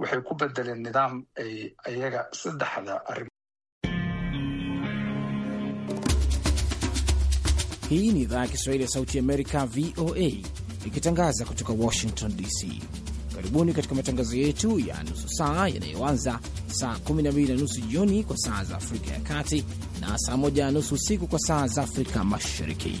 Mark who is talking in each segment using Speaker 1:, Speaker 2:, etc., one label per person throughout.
Speaker 1: waxay ku bedeleen nidaam ay ayaga saddexda arrimood.
Speaker 2: Hii ni idhaa ya Kiswahili ya Sauti Amerika, VOA, ikitangaza kutoka Washington DC. Karibuni katika matangazo yetu ya nusu saa yanayoanza saa 12 na nusu jioni kwa saa za Afrika ya Kati na saa 1 na nusu usiku kwa saa za Afrika Mashariki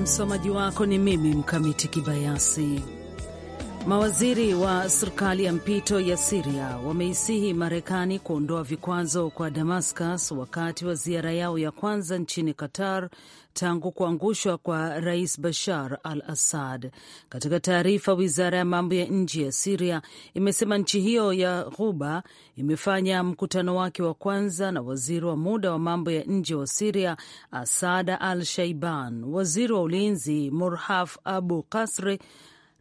Speaker 3: Msomaji wako ni mimi Mkamiti Kibayasi. Mawaziri wa serikali ya mpito ya Siria wameisihi Marekani kuondoa vikwazo kwa Damascus wakati wa ziara yao ya kwanza nchini Qatar tangu kuangushwa kwa Rais Bashar al Assad. Katika taarifa, wizara ya mambo ya nje ya Siria imesema nchi hiyo ya Ghuba imefanya mkutano wake wa kwanza na waziri wa muda wa mambo ya nje wa Siria Asada al Shaiban, waziri wa ulinzi Murhaf Abu Kasri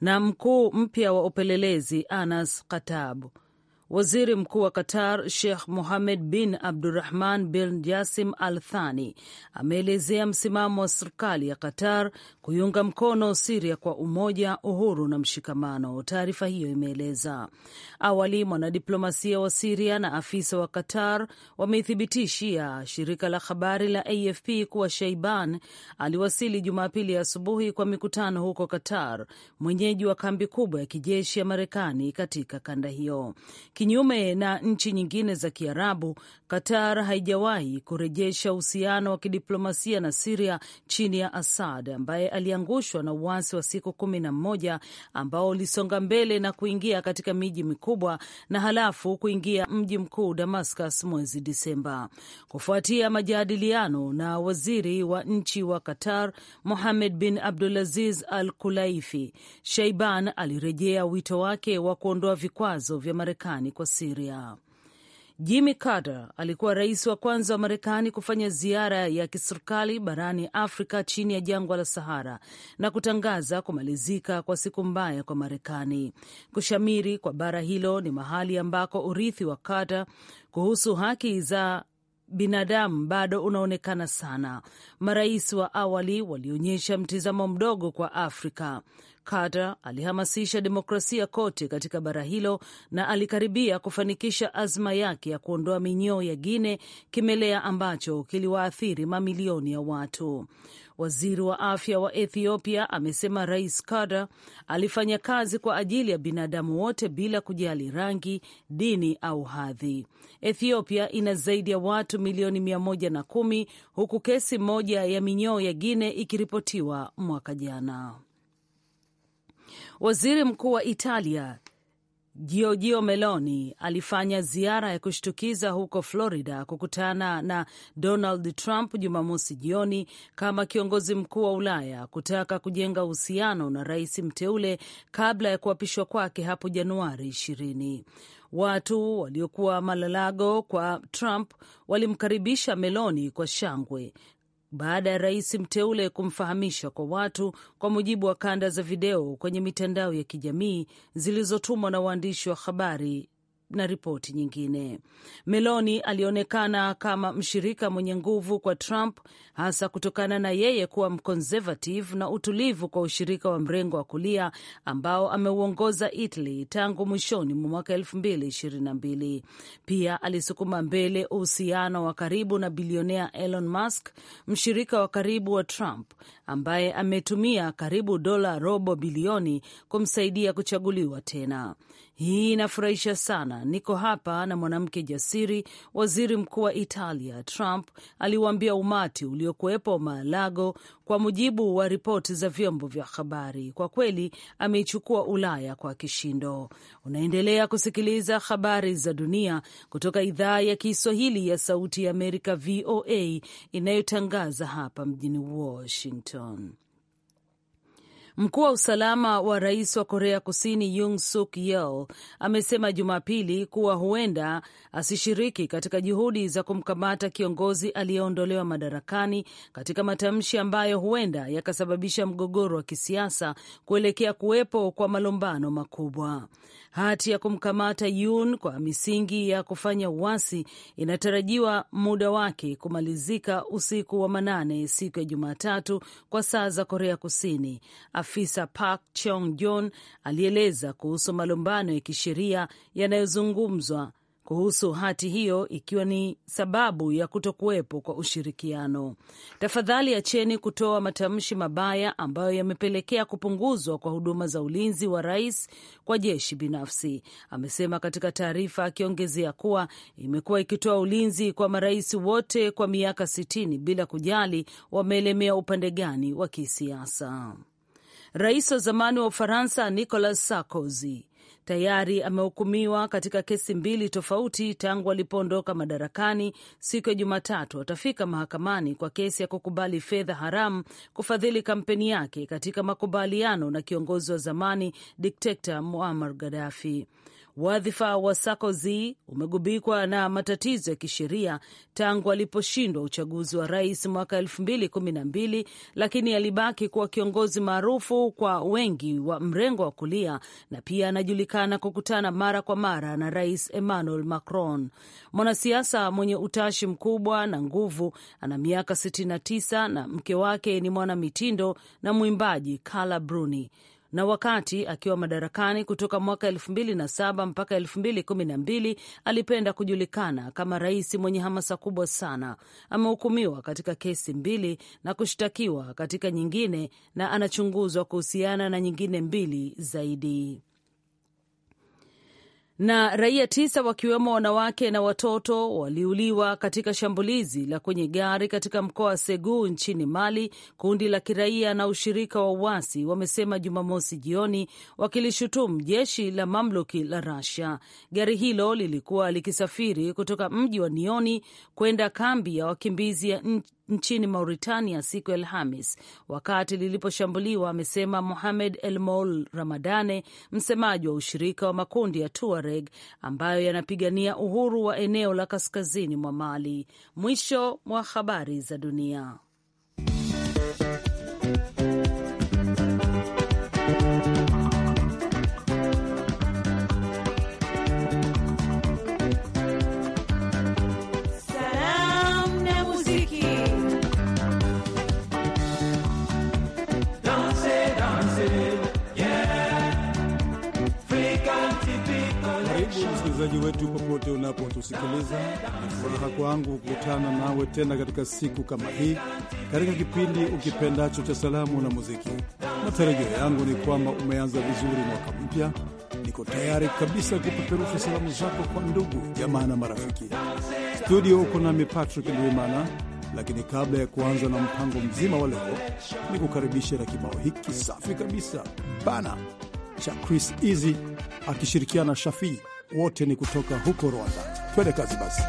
Speaker 3: na mkuu mpya wa upelelezi Anas Katabu Waziri Mkuu wa Qatar Sheikh Mohammed bin Abdurahman bin Jasim Al Thani ameelezea msimamo wa serikali ya Qatar kuiunga mkono Siria kwa umoja, uhuru na mshikamano, taarifa hiyo imeeleza. Awali mwanadiplomasia wa Siria na afisa wa Qatar wameithibitishia shirika la habari la AFP kuwa Sheiban aliwasili Jumapili asubuhi kwa mikutano huko Qatar, mwenyeji wa kambi kubwa ya kijeshi ya Marekani katika kanda hiyo. Kinyume na nchi nyingine za Kiarabu, Qatar haijawahi kurejesha uhusiano wa kidiplomasia na Siria chini ya Assad ambaye aliangushwa na uasi wa siku kumi na mmoja ambao ulisonga mbele na kuingia katika miji mikubwa na halafu kuingia mji mkuu Damascus mwezi Disemba, kufuatia majadiliano na waziri wa nchi wa Qatar muhamed bin Abdulaziz Al Kulaifi. Sheiban alirejea wito wake wa kuondoa vikwazo vya Marekani kusini kwa Siria. Jimmy Carter alikuwa rais wa kwanza wa Marekani kufanya ziara ya kiserikali barani Afrika chini ya jangwa la Sahara na kutangaza kumalizika kwa siku mbaya kwa Marekani. Kushamiri kwa bara hilo ni mahali ambako urithi wa Carter kuhusu haki za binadamu bado unaonekana sana. Marais wa awali walionyesha mtizamo mdogo kwa Afrika. Carter alihamasisha demokrasia kote katika bara hilo na alikaribia kufanikisha azma yake ya kuondoa minyoo ya Guine, kimelea ambacho kiliwaathiri mamilioni ya watu. Waziri wa afya wa Ethiopia amesema Rais Carter alifanya kazi kwa ajili ya binadamu wote bila kujali rangi, dini au hadhi. Ethiopia ina zaidi ya watu milioni mia moja na kumi huku kesi moja ya minyoo ya guine ikiripotiwa mwaka jana. Waziri mkuu wa Italia Giorgio Meloni alifanya ziara ya kushtukiza huko Florida kukutana na Donald Trump Jumamosi jioni kama kiongozi mkuu wa Ulaya kutaka kujenga uhusiano na rais mteule kabla ya kuapishwa kwake hapo Januari ishirini. Watu waliokuwa malalago kwa Trump walimkaribisha Meloni kwa shangwe baada ya rais mteule kumfahamisha kwa watu, kwa mujibu wa kanda za video kwenye mitandao ya kijamii zilizotumwa na waandishi wa habari na ripoti nyingine. Meloni alionekana kama mshirika mwenye nguvu kwa Trump, hasa kutokana na yeye kuwa mkonservative na utulivu kwa ushirika wa mrengo wa kulia ambao ameuongoza Italy tangu mwishoni mwa mwaka elfu mbili ishirini na mbili. Pia alisukuma mbele uhusiano wa karibu na bilionea Elon Musk, mshirika wa karibu wa Trump ambaye ametumia karibu dola robo bilioni kumsaidia kuchaguliwa tena. Hii inafurahisha sana. Niko hapa na mwanamke jasiri, waziri mkuu wa Italia, Trump aliwaambia umati uliokuwepo Maalago, kwa mujibu wa ripoti za vyombo vya habari. Kwa kweli ameichukua Ulaya kwa kishindo. Unaendelea kusikiliza habari za dunia kutoka idhaa ya Kiswahili ya Sauti ya Amerika, VOA, inayotangaza hapa mjini Washington. London. Mkuu wa usalama wa rais wa Korea Kusini yung Suk Yeol amesema Jumapili kuwa huenda asishiriki katika juhudi za kumkamata kiongozi aliyeondolewa madarakani katika matamshi ambayo huenda yakasababisha mgogoro wa kisiasa kuelekea kuwepo kwa malumbano makubwa. Hati ya kumkamata yun kwa misingi ya kufanya uasi inatarajiwa muda wake kumalizika usiku wa manane siku ya Jumatatu kwa saa za Korea Kusini. Afisa Park Cheong Jon alieleza kuhusu malumbano ya kisheria yanayozungumzwa kuhusu hati hiyo ikiwa ni sababu ya kutokuwepo kwa ushirikiano. Tafadhali acheni kutoa matamshi mabaya ambayo yamepelekea kupunguzwa kwa huduma za ulinzi wa rais kwa jeshi binafsi, amesema katika taarifa, akiongezea kuwa imekuwa ikitoa ulinzi kwa marais wote kwa miaka sitini bila kujali wameelemea upande gani wa kisiasa. Rais wa zamani wa Ufaransa Nicolas Sarkozy tayari amehukumiwa katika kesi mbili tofauti tangu alipoondoka madarakani siku ya Jumatatu. Atafika mahakamani kwa kesi ya kukubali fedha haramu kufadhili kampeni yake katika makubaliano na kiongozi wa zamani dikteta Muammar Gaddafi. Wadhifa wa Sarkozy umegubikwa na matatizo ya kisheria tangu aliposhindwa uchaguzi wa rais mwaka elfu mbili kumi na mbili, lakini alibaki kuwa kiongozi maarufu kwa wengi wa mrengo wa kulia na pia anajulikana kukutana mara kwa mara na rais Emmanuel Macron. Mwanasiasa mwenye utashi mkubwa na nguvu, ana miaka 69 na mke wake ni mwanamitindo na mwimbaji Carla Bruni na wakati akiwa madarakani kutoka mwaka 2007 mpaka 2012 alipenda kujulikana kama rais mwenye hamasa kubwa sana. Amehukumiwa katika kesi mbili na kushtakiwa katika nyingine na anachunguzwa kuhusiana na nyingine mbili zaidi na raia tisa wakiwemo wanawake na watoto waliuliwa katika shambulizi la kwenye gari katika mkoa wa Segu nchini Mali, kundi la kiraia na ushirika wa uasi wamesema Jumamosi jioni, wakilishutumu jeshi la mamluki la Rasia. Gari hilo lilikuwa likisafiri kutoka mji wa Nioni kwenda kambi ya wakimbizi ya nchini Mauritania siku ya Alhamis wakati liliposhambuliwa, amesema Mohamed El Moul Ramadane, msemaji wa ushirika wa makundi ya Tuareg ambayo yanapigania uhuru wa eneo la kaskazini mwa Mali. Mwisho wa habari za dunia.
Speaker 1: msikilizaji wetu popote unapotusikiliza, ni furaha kwangu kukutana nawe tena katika siku kama hii, katika kipindi ukipendacho cha salamu na muziki. Matarajio yangu ni kwamba umeanza vizuri mwaka mpya. Niko tayari kabisa kupeperusha salamu zako kwa ndugu, jamaa na marafiki. Studio uko nami Patrick Ndwimana, lakini kabla ya kuanza na mpango mzima wa leo, ni kukaribisha na kibao hiki safi kabisa bana cha Chris Easy akishirikiana na Shafii wote ni kutoka huko Rwanda. Twende kazi basi.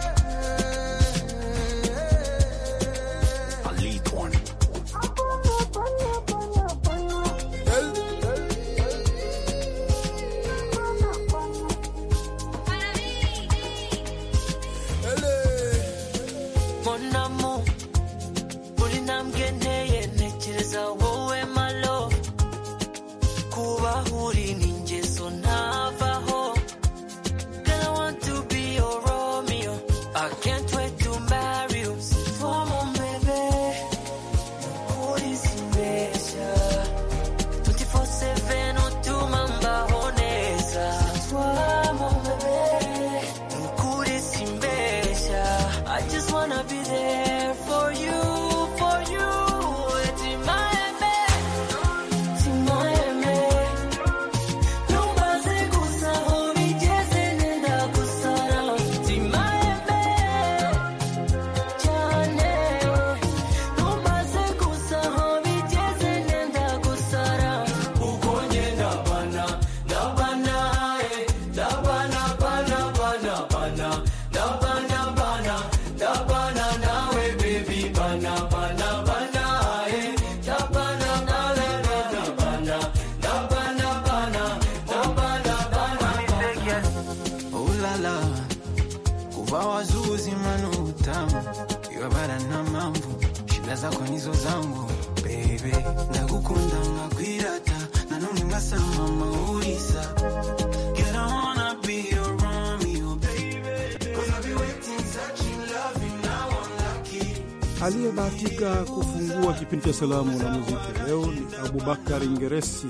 Speaker 1: Aliyebahatika kufungua kipindi cha salamu na muziki leo ni Abubakar Ingeresi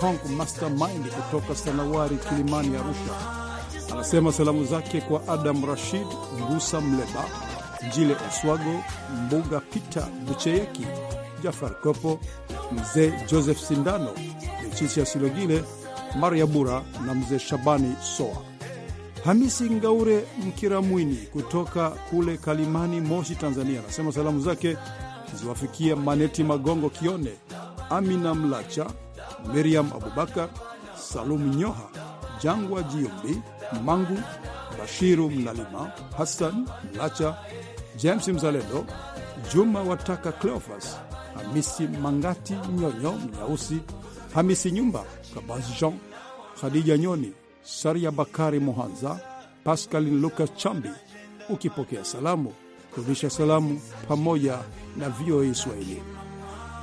Speaker 1: Kong Mastermind kutoka Sanawari, Kilimani, Arusha. Anasema salamu zake kwa Adam Rashid Ngusa, Mleba Njile, Oswago Mbuga, pita Bucheyeki, Jafar Kopo, Mzee Joseph Sindano, Leticia Silogile, Maria Bura na Mzee Shabani Soa. Hamisi Ngaure mkiramwini kutoka kule Kalimani, Moshi, Tanzania, anasema salamu zake ziwafikie Maneti Magongo, Kione Amina Mlacha, Miriam Abubakar, Salumu Nyoha, Jangwa Jiumbi, Mangu Bashiru Mnalima, Hassan Mlacha, James Mzalendo, Juma Wataka, Cleofas Hamisi Mangati, Nyonyo Mnyausi, Hamisi Nyumba, Kabas Jean, Khadija Nyoni Saria Bakari Mohanza, Pascalin Lucas Chambi. Ukipokea salamu, rudisha salamu pamoja na VOA Swahili.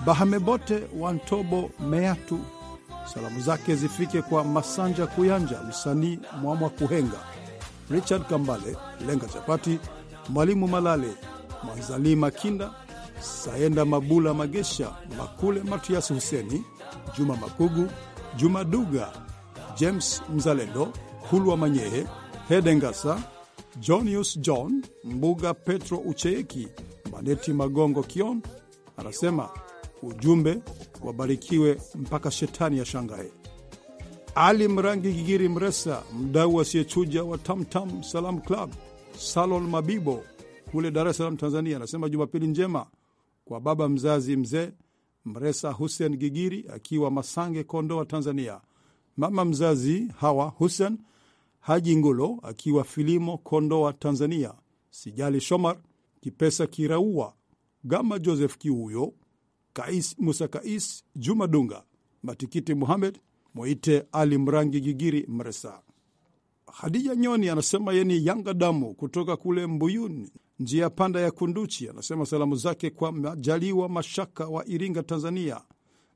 Speaker 1: Bahamebote Wantobo Meatu, salamu zake zifike kwa Masanja Kuyanja, msanii Mwamwa Kuhenga, Richard Kambale, Lenga Chapati, Mwalimu Malale, Mwanzali Makinda, Saenda Mabula Magesha, Makule Matias Huseni, Juma Makugu, Juma Duga James Mzalendo, Kulwa Manyehe, Hedengasa, Jonius John Mbuga, Petro Ucheeki, Maneti Magongo Kion anasema ujumbe wabarikiwe mpaka shetani ya shangae. Ali Mrangi Gigiri Mresa, mdau asiyechuja wa Tamtam Salam Club, Salon Mabibo kule Dar es Salaam, Tanzania, anasema jumapili njema kwa baba mzazi mzee Mresa Hussein Gigiri akiwa Masange, Kondoa, Tanzania mama mzazi Hawa hussen Haji Ngulo akiwa Filimo, Kondoa, Tanzania, Sijali Shomar Kipesa Kiraua Gama, Joseph Kiuyo, Kais Musa Kais, Juma Dunga, Matikiti Muhamed Mwite, Ali Mrangi, Gigiri Mresa. Hadija Nyoni anasema ye ni Yanga damu kutoka kule Mbuyuni, njia ya panda ya Kunduchi. Anasema salamu zake kwa Majaliwa Mashaka wa Iringa, Tanzania,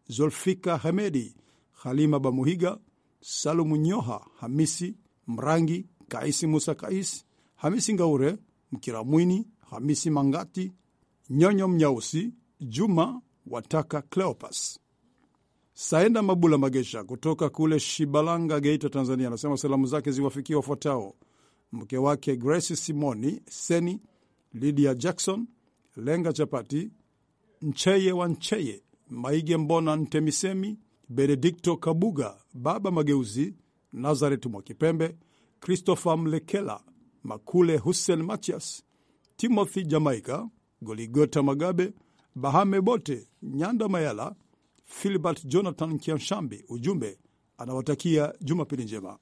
Speaker 1: Zulfika Hamedi Halima Bamuhiga, Salumu Nyoha, Hamisi Mrangi, Kaisi Musa, kais Hamisi Ngaure, Mkiramwini, Hamisi Mangati, Nyonyo Mnyausi, Juma Wataka, Cleopas Saenda Mabula Magesha kutoka kule Shibalanga, Geita, Tanzania, anasema salamu zake ziwafikie wafuatao: mke wake Grace Simoni Seni, Lydia Jackson, Lenga Chapati, Ncheye wa Ncheye, Maige Mbona, Ntemisemi Benedikto Kabuga, Baba Mageuzi, Nazaret Mwakipembe, Christopher Mlekela, Makule Hussein Matias, Timothy jamaica Goligota Magabe, Bahame Bote, Nyanda Mayala, Filbert Jonathan Kianshambi. Ujumbe anawatakia Jumapili njema.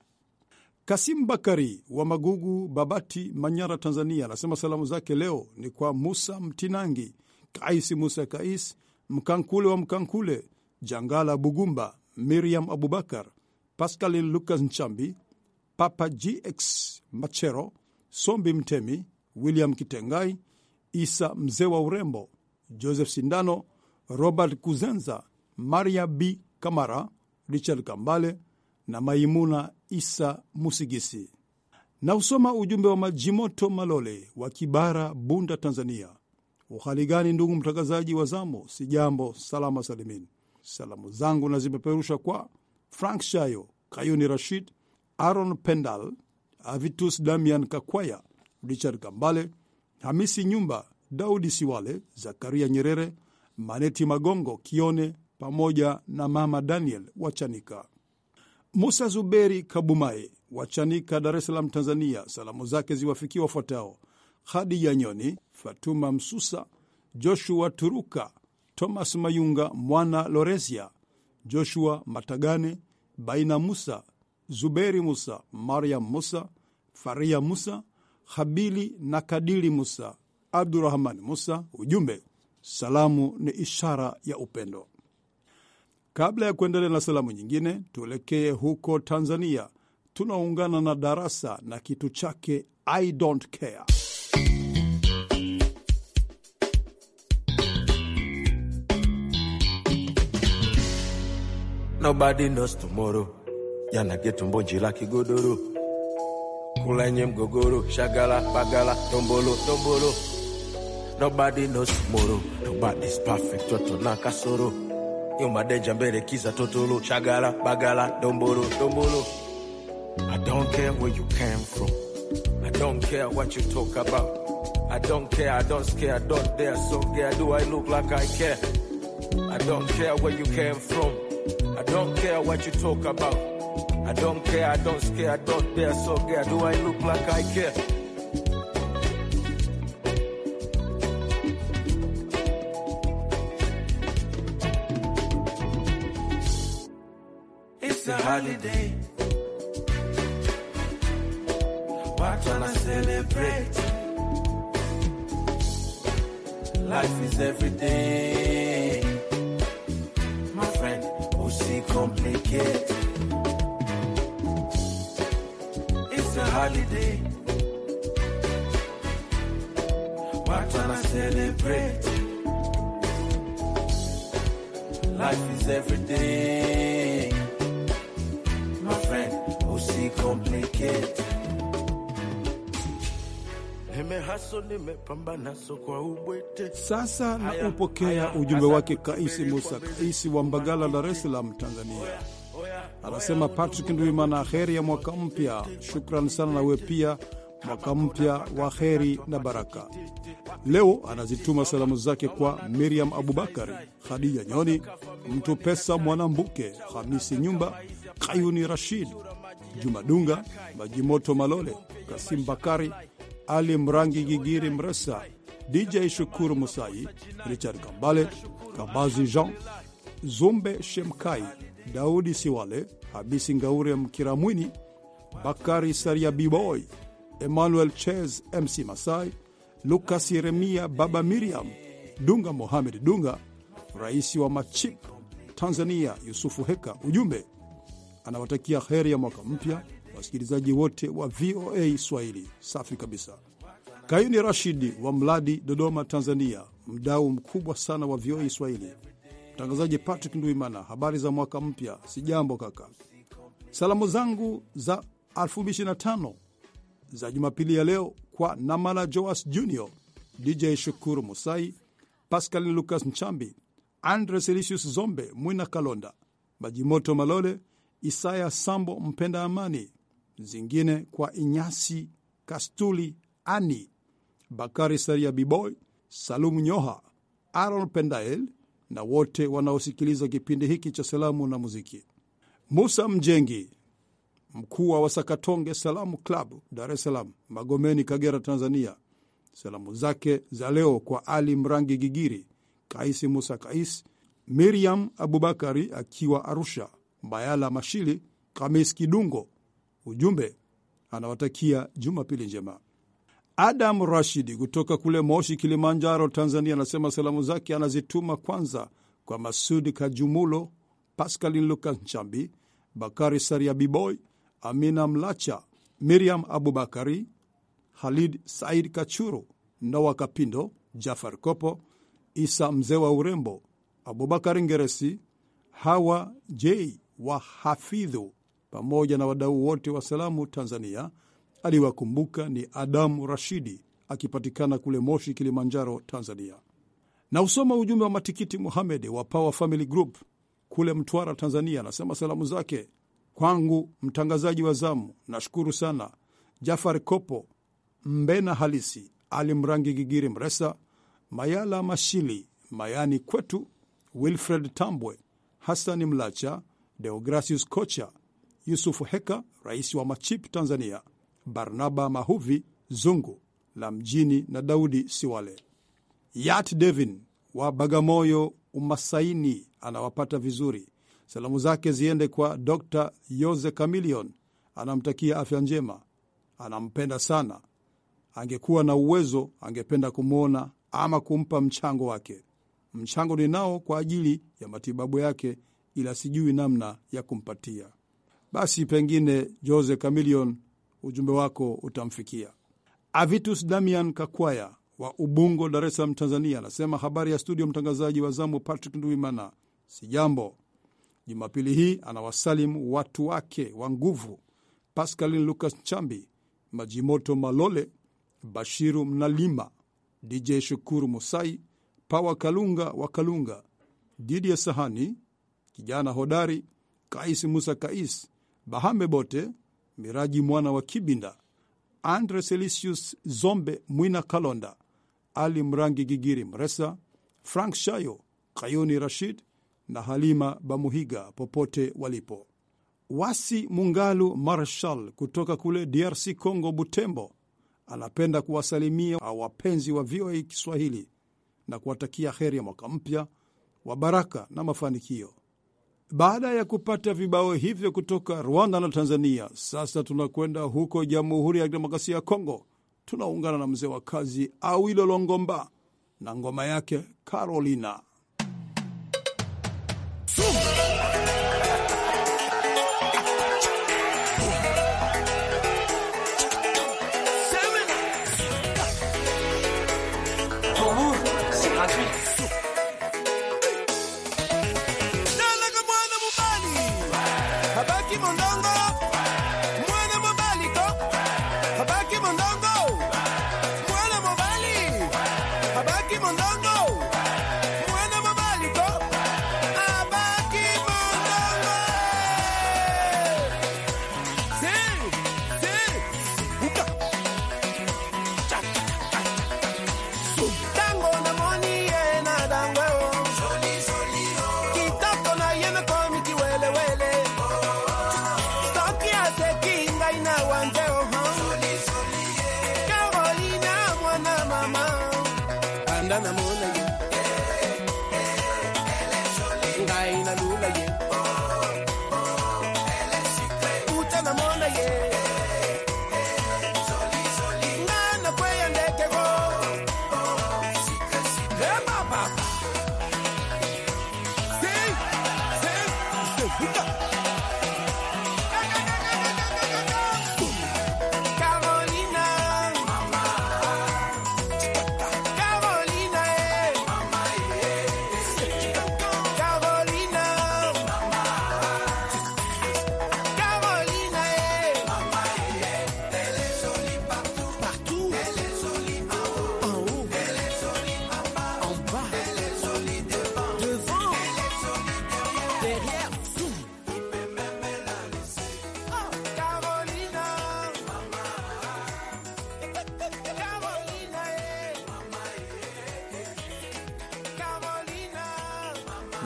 Speaker 1: Kasim Bakari wa Magugu, Babati, Manyara, Tanzania, anasema salamu zake leo ni kwa Musa Mtinangi, kaisi Musa Kais, Mkankule wa Mkankule, Jangala Bugumba, Miriam Abubakar, Pascalin Lucas Nchambi, Papa GX Machero, Sombi Mtemi, William Kitengai, Isa mzee wa urembo, Joseph Sindano, Robert Kuzenza, Maria B Kamara, Richard Kambale na Maimuna Isa Musigisi. Na usoma ujumbe wa Majimoto Malole wa Kibara, Bunda, Tanzania. Uhali gani ndugu mtangazaji wa zamu? jambo salama salimini. Salamu zangu na zimepeperusha kwa Frank Shayo, Kayuni Rashid, Aaron Pendal, Avitus Damian Kakwaya, Richard Kambale, Hamisi Nyumba, Daudi Siwale, Zakaria Nyerere, Maneti Magongo Kione pamoja na Mama Daniel Wachanika. Musa Zuberi Kabumae Wachanika, Dar es Salaam, Tanzania, salamu zake ziwafikia wafuatao: Khadija Nyoni, Fatuma Msusa, Joshua Turuka, Thomas Mayunga, Mwana Loresia, Joshua Matagane, Baina Musa, Zuberi Musa, Mariam Musa, Faria Musa, Habili na Kadili Musa, abdurahmani Musa. Ujumbe, salamu ni ishara ya upendo. Kabla ya kuendelea na salamu nyingine, tuelekee huko Tanzania. Tunaungana na darasa na kitu chake I don't care.
Speaker 4: Nobody knows tomorrow. Yana getumbo njila kigodoro. Kulenye mgogoro, shagala, bagala, tombolo, tombolo. Nobody knows tomorrow. Nobody's perfect, toto na Yuma Yomadeja mbele kiza totolo, shagala, bagala, don't bother. I don't care where you came from. I don't care what you talk about. I don't care, I don't care, I don't dare. So, yeah, do I look like I care? I don't care where you came from. I don't care what you talk about. I don't care, I don't scare, I don't dare, so care. Do I look like I care? It's a holiday. Why tryna celebrate? Life is everything complicate. It's a holiday. Why tryna celebrate? Life is everything. My friend, who's see complicate? Nimehaso, nimepambana so kwa ubwete.
Speaker 1: Sasa na upokea ujumbe wake Kaisi Musa Kaisi wa Mbagala, Dar es Salaam, Tanzania. Anasema Patrick nduimana heri ya mwaka mpya. Shukrani sana na wewe pia, mwaka mpya wa heri na baraka. Leo anazituma salamu zake kwa Miriam Abubakari, Khadija Nyoni, Mtu Pesa Mwanambuke, Hamisi Nyumba, Kayuni Rashid, Juma Dunga, Maji Moto Malole, Kasim Bakari ali Mrangi, Gigiri Mresa, DJ Shukuru Musai, Richard Kambale, Kabazi Jean, Zumbe Shemkai, Daudi Siwale, Habisi Ngaure Mkiramwini, Bakari Saria, Biboy Emmanuel Ches, MC Masai, Lukas Yeremia, Baba Miriam Dunga, Mohamed Dunga, Rais wa Machip Tanzania Yusufu Heka. Ujumbe anawatakia heri ya mwaka mpya wasikilizaji wote wa VOA Swahili. Safi kabisa. Kayuni Rashidi wa Mladi, Dodoma, Tanzania, mdau mkubwa sana wa VOA Swahili. Mtangazaji Patrick Nduimana, habari za mwaka mpya? jambo kaka. Salamu zangu za 2025 za Jumapili ya leo kwa Namala Joas Jr, DJ Shukuru Musai, Pascal Lucas Nchambi, Andre Selisius Zombe, Mwina Kalonda, Majimoto Malole, Isaya Sambo, Mpenda Amani, zingine kwa Inyasi Kastuli, Ani Bakari, Saria Biboy, Salumu Nyoha, Aaron Pendael na wote wanaosikiliza kipindi hiki cha salamu na muziki. Musa Mjengi, mkuu wa Wasakatonge Salamu club Dar es Salaam, Magomeni, Kagera, Tanzania. Salamu zake za leo kwa Ali Mrangi Gigiri, Kaisi Musa Kais, Miriam Abubakari akiwa Arusha, Bayala Mashili, Kamis Kidungo, Ujumbe anawatakia Jumapili njema. Adam Rashidi kutoka kule Moshi, Kilimanjaro, Tanzania, anasema salamu zake anazituma kwanza kwa Masudi Kajumulo, Pascalin Lukas Nchambi, Bakari Saria, Biboy Amina Mlacha, Miriam Abubakari, Halid Said Kachuru, Noa Kapindo, Jafar Kopo, Isa mzee wa urembo, Abubakari Ngeresi, Hawa J wa Hafidhu, pamoja na wadau wote wa salamu Tanzania. Aliwakumbuka ni Adamu Rashidi akipatikana kule Moshi, Kilimanjaro, Tanzania. Na usoma ujumbe wa Matikiti Muhamed wa Power Family Group kule Mtwara, Tanzania, anasema salamu zake kwangu, mtangazaji wa zamu, nashukuru sana Jafar Kopo Mbena Halisi, Ali Mrangi, Gigiri Mresa, Mayala Mashili, Mayani Kwetu, Wilfred Tambwe, Hasani Mlacha, Deogracius Kocha Yusufu Heka, rais wa Machip Tanzania, Barnaba Mahuvi Zungu la mjini na Daudi Siwale. Yat Devin wa Bagamoyo Umasaini anawapata vizuri. Salamu zake ziende kwa Dr Yose Camilion, anamtakia afya njema, anampenda sana. Angekuwa na uwezo angependa kumwona ama kumpa mchango wake. Mchango ninao kwa ajili ya matibabu yake, ila sijui namna ya kumpatia basi pengine Jose Camilion ujumbe wako utamfikia. Avitus Damian Kakwaya wa Ubungo, Dar es Salaam, Tanzania, anasema habari ya studio, mtangazaji wa zamu Patrick Nduimana, si jambo. Jumapili hii anawasalimu watu wake wa nguvu, Pascalin Lucas Chambi, Majimoto Malole, Bashiru Mnalima, DJ Shukuru Musai, Pawa Kalunga wa Kalunga, Didi ya Sahani, kijana hodari Kais Musa Kais, Bahame Bote, Miraji mwana wa Kibinda, Andre Selisius Zombe Mwina Kalonda, Ali Mrangi Gigiri Mresa, Frank Shayo, Kayuni Rashid na Halima Bamuhiga popote walipo. Wasi Mungalu Marshal kutoka kule DRC Congo, Butembo, anapenda kuwasalimia wapenzi wa VOA Kiswahili na kuwatakia heri ya mwaka mpya wa baraka na mafanikio. Baada ya kupata vibao hivyo kutoka Rwanda na Tanzania, sasa tunakwenda huko Jamhuri ya demokrasia ya Kongo. Tunaungana na mzee wa kazi Awilo Longomba na ngoma yake Carolina. Come on,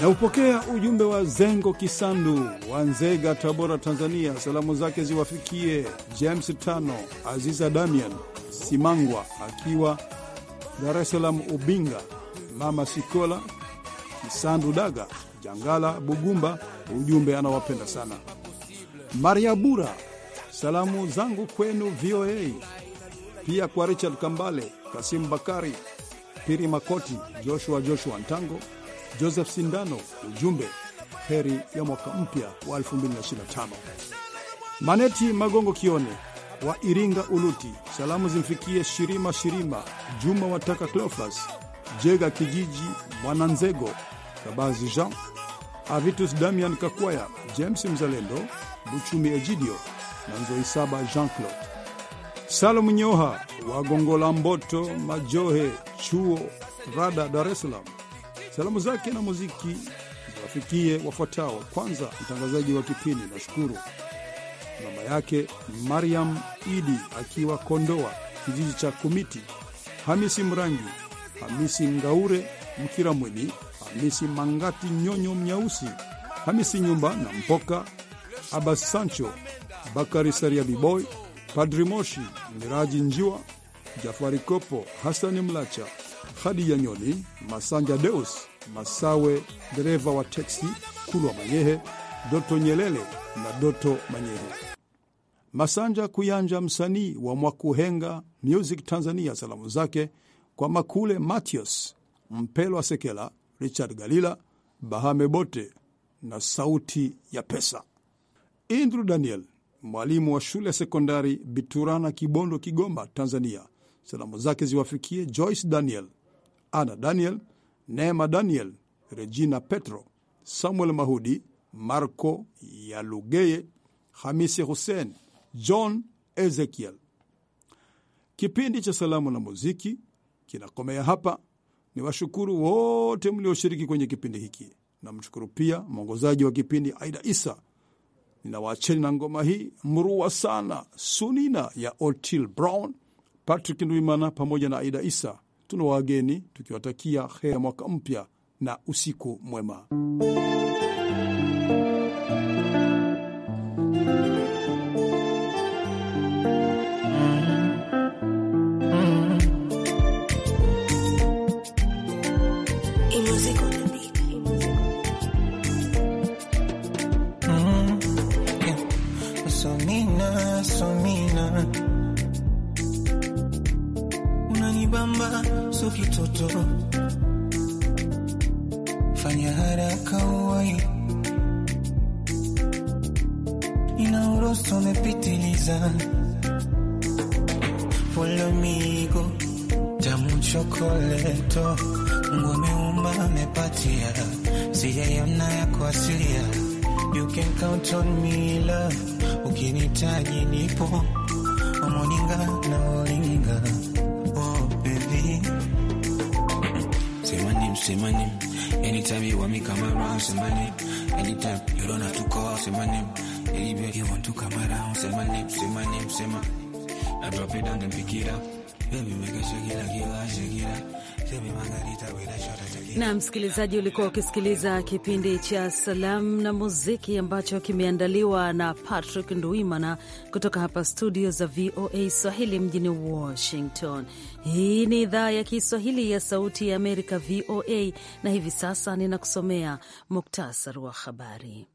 Speaker 1: Naupokea ujumbe wa Zengo Kisandu wa Nzega, Tabora, Tanzania. Salamu zake ziwafikie James Tano, Aziza Damian Simangwa akiwa Dar es Salaam, Ubinga, Mama Sikola Kisandu Daga Jangala Bugumba. Ujumbe anawapenda sana. Maria Bura, salamu zangu kwenu VOA, pia kwa Richard Kambale, Kasimu Bakari, Piri Makoti, Joshua Joshua Ntango Joseph Sindano, ujumbe heri ya mwaka mpya wa 2025. Maneti Magongo Kione wa Iringa Uluti, salamu zimfikie Shirima Shirima, Juma Wataka, Cleofas Jega, Kijiji Mwananzego, Kabazi Jean Avitus, Damian Kakwaya, James Mzalendo, Buchumi Ejidio na nzoi saba Jean Claude, salomu Nyoha wa Gongola, Mboto Majohe, Chuo Rada, Dar es Salaam Salamu zake na muziki ziwafikie wafuatao. Kwanza, mtangazaji wa kipindi nashukuru mama yake Mariam Idi akiwa Kondoa, kijiji cha Kumiti, Hamisi Mrangi, Hamisi Ngaure Mwini, Hamisi Mangati Nyonyo Mnyausi, Hamisi Nyumba na Mpoka, abas Sancho, Bakari Saria, Biboy Padri Moshi, Miraji Njiwa, Jafari Kopo, Hasani Mlacha, Hadi Nyoni, Masanja Deus Masawe, dereva wa teksi Kulwa Manyehe, Doto Nyelele na Doto Manyehe. Masanja Kuyanja, msanii wa Mwakuhenga Music Tanzania, salamu zake kwa Makule Matius, Mpelwa Sekela, Richard Galila, Bahame Bote na Sauti ya Pesa. Andrew Daniel, mwalimu wa shule ya sekondari Biturana, Kibondo, Kigoma, Tanzania, salamu zake ziwafikie Joyce Daniel, Ana Daniel Neema Daniel, Regina Petro, Samuel Mahudi, Marco Yalugeye, Hamisi Hussein, John Ezekiel. Kipindi cha salamu na muziki kinakomea hapa. Ni washukuru wote mlioshiriki kwenye kipindi hiki. Namshukuru pia mwongozaji wa kipindi Aida Isa. Ninawaacheni na ngoma hii mrua sana, Sunina ya Otil Brown, Patrick Ndwimana pamoja na Aida Isa tuna tukiwatakia heri ya mwaka mpya na usiku mwema.
Speaker 4: inaorosa umepitiliza, polo migo tamu chokoleto, Mungu ameumba amepatia, sijaiona yako asilia. You can count on me love, ukinitaji nipo Omoninga na olinga, oh baby Semanim, semanim, anytime you want me come around, semanim Anytime you don't have to call, semanim baby. You want to come around, say my name, say my name, say my I drop it down and pick it up. Baby, make a shake it like you like shake it up.
Speaker 3: Na msikilizaji, ulikuwa ukisikiliza kipindi cha salamu na muziki ambacho kimeandaliwa na Patrick Nduimana kutoka hapa studio za VOA Swahili mjini Washington. Hii ni idhaa ya Kiswahili ya Sauti ya Amerika, VOA, na hivi sasa ninakusomea muktasari wa habari.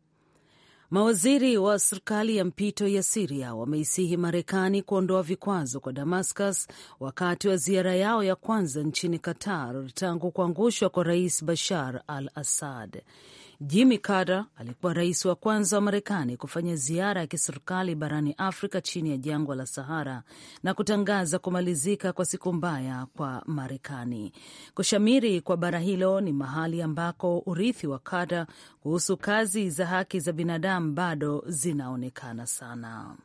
Speaker 3: Mawaziri wa serikali ya mpito ya Siria wameisihi Marekani kuondoa vikwazo kwa Damascus wakati wa ziara yao ya kwanza nchini Qatar tangu kuangushwa kwa Rais Bashar al Assad. Jimmy Carter alikuwa rais wa kwanza wa Marekani kufanya ziara ya kiserikali barani Afrika chini ya jangwa la Sahara na kutangaza kumalizika kwa siku mbaya kwa Marekani. Kushamiri kwa bara hilo ni mahali ambako urithi wa Carter kuhusu kazi za haki za binadamu bado zinaonekana sana.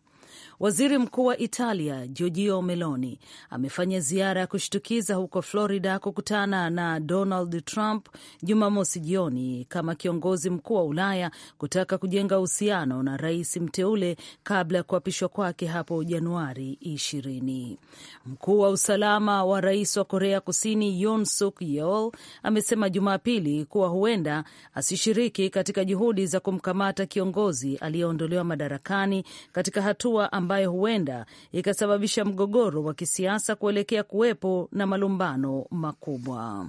Speaker 3: Waziri mkuu wa Italia Giorgio Meloni amefanya ziara ya kushtukiza huko Florida kukutana na Donald Trump Jumamosi jioni kama kiongozi mkuu wa Ulaya kutaka kujenga uhusiano na rais mteule kabla ya kuapishwa kwake hapo Januari ishirini. Mkuu wa usalama wa rais wa Korea Kusini Yoon Suk Yeol amesema Jumapili kuwa huenda asishiriki katika juhudi za kumkamata kiongozi aliyeondolewa madarakani katika hatua ambayo huenda ikasababisha mgogoro wa kisiasa kuelekea kuwepo na malumbano makubwa.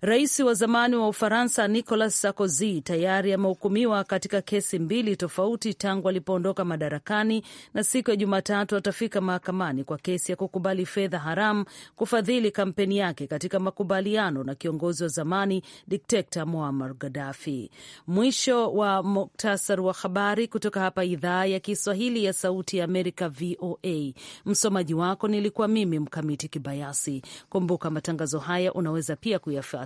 Speaker 3: Rais wa zamani wa Ufaransa Nicolas Sarkozy tayari amehukumiwa katika kesi mbili tofauti tangu alipoondoka madarakani, na siku ya Jumatatu atafika mahakamani kwa kesi ya kukubali fedha haramu kufadhili kampeni yake katika makubaliano na kiongozi wa zamani dikteta Muammar Gaddafi. Mwisho wa muktasar wa habari kutoka hapa idhaa ya Kiswahili ya Sauti ya Amerika, VOA. Msomaji wako nilikuwa mimi Mkamiti Kibayasi. Kumbuka matangazo haya unaweza pia kuyafuata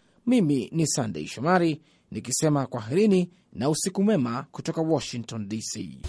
Speaker 2: mimi ni Sandei Shomari nikisema kwaherini na usiku mwema kutoka Washington DC.